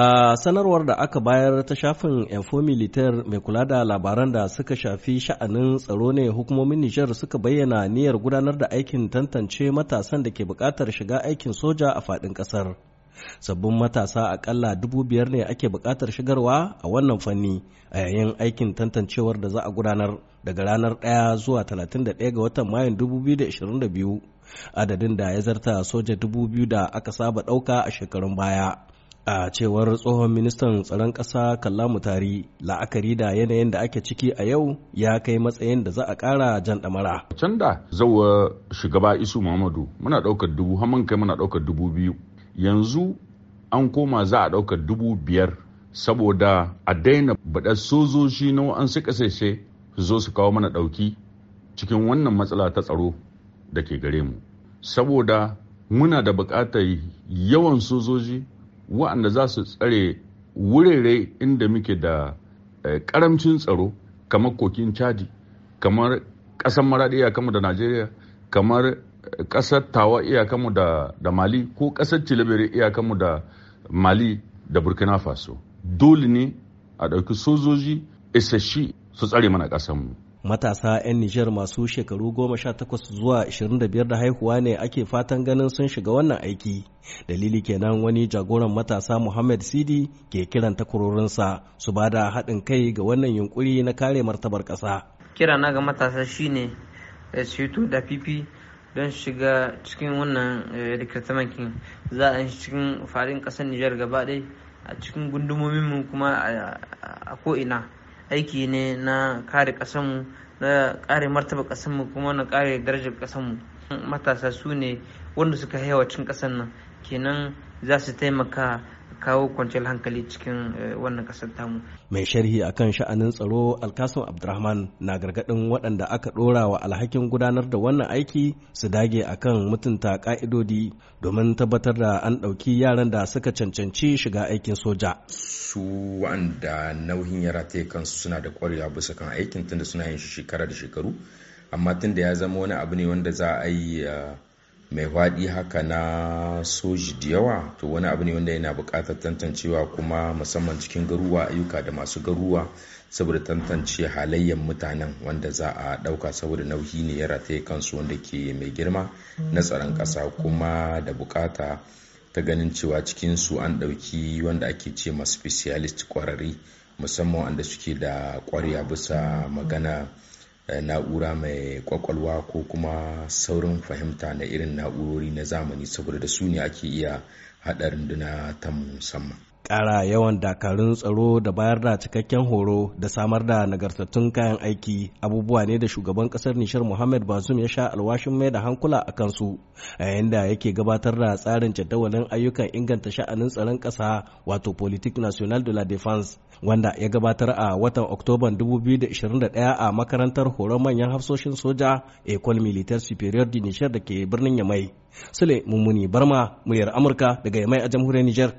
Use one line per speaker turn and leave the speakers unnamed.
A sanarwar da aka bayar ta shafin Info mai kula da labaran da suka shafi sha'anin tsaro ne hukumomin Nijar suka bayyana niyyar gudanar da aikin tantance matasan da ke bukatar shiga aikin soja a faɗin ƙasar. Sabbin matasa akalla dubu biyar ne ake bukatar shigarwa a wannan fanni a yayin aikin tantancewar da za a gudanar daga ranar 1 zuwa 31 ga watan Mayun 2022 adadin da ya zarta soja dubu biyu da aka saba ɗauka a shekarun baya. A cewar tsohon ministan tsaron ƙasa Kalla Mutari, la'akari da yanayin da ake ciki a yau ya kai matsayin da za a ƙara jan ɗamara.
Can da zauwa shugaba Isu Muhammadu muna ɗaukar dubu, haman kai muna ɗaukar dubu biyu. Yanzu an koma za a ɗaukar dubu biyar saboda a daina baɗar sojoji na wa'ansu ƙasashe su zo su kawo mana ɗauki cikin wannan matsala ta tsaro da ke gare mu. Saboda muna da buƙatar yawan sojoji waɗanda za su tsare wurare inda muke da karamcin eh, tsaro kamar kokin chadi kamar ƙasar maraɗi iyakanmu da najeriya kamar eh, ƙasar tawa iyakanmu da, da mali ko ƙasar cilibiri iyakanmu da mali da burkina faso dole ne a ɗauki sojoji isasshi su tsare mana ƙasarmu
matasa 'yan Nijar masu shekaru 18 zuwa 25 da haihuwa ne ake fatan ganin sun shiga wannan aiki. Dalili kenan wani jagoran matasa Muhammad Sidi ke kiran takwarorinsa su ba da haɗin kai ga wannan yunkuri na kare martabar
ƙasa. Kira na ga matasa shine eh, su da fifi don shiga cikin wannan rikirtamakin eh, za a cikin farin ƙasar Nijar gaba a cikin mu kuma a ko'ina. aiki ne na kare ƙasanmu na kare martaba ƙasanmu kuma na kare darajar ƙasanmu matasa su ne wanda suka haihuwa cin ƙasan nan kenan za su taimaka kawo kwanciyar hankali cikin eh, wannan kasar tamu.
Mai sharhi akan sha'anin tsaro Alkasim Abdurrahman na gargadin waɗanda aka ɗora wa alhakin gudanar da wannan aiki su dage a kan mutunta ka'idodi domin tabbatar da an ɗauki yaran da suka cancanci shiga aikin soja.
Su wanda nauyin yara ta kansu suna da kwarewa bisa kan aikin tunda suna yin shi shekara da shekaru amma tunda ya zama wani abu ne wanda za a yi eh, mai faɗi haka na soji da yawa to wani abu ne wanda yana bukatar tantancewa kuma musamman cikin garuwa ayyuka da masu garuwa saboda tantance halayyar mutanen wanda za a ɗauka saboda nauyi ne ya rataye kansu wanda ke mai girma na tsaron ƙasa kuma da buƙata ta ganin cewa cikin su an ɗauki wanda ake ce ma specialist ƙwararri musamman wanda suke da ƙwarya bisa magana Eh, na'ura mai kwakwalwa ko kuma saurin fahimta na irin na'urori na zamani saboda da su ne ake iya haɗa runduna ta musamman
ƙara yawan dakarun tsaro da bayar da cikakken horo da samar da nagartattun kayan aiki abubuwa ne da shugaban ƙasar nishar muhammad bazum ya sha alwashin mai da hankula a kansu a yayin da yake gabatar da tsarin jadawalin ayyukan inganta sha'anin tsaron ƙasa wato politik national de la defense wanda ya gabatar a watan oktoban 2021 a makarantar horon manyan hafsoshin soja ecole militaire superior de nishar da ke birnin yamai sule mummuni barma muryar amurka daga yamai a jamhuriyar nijar.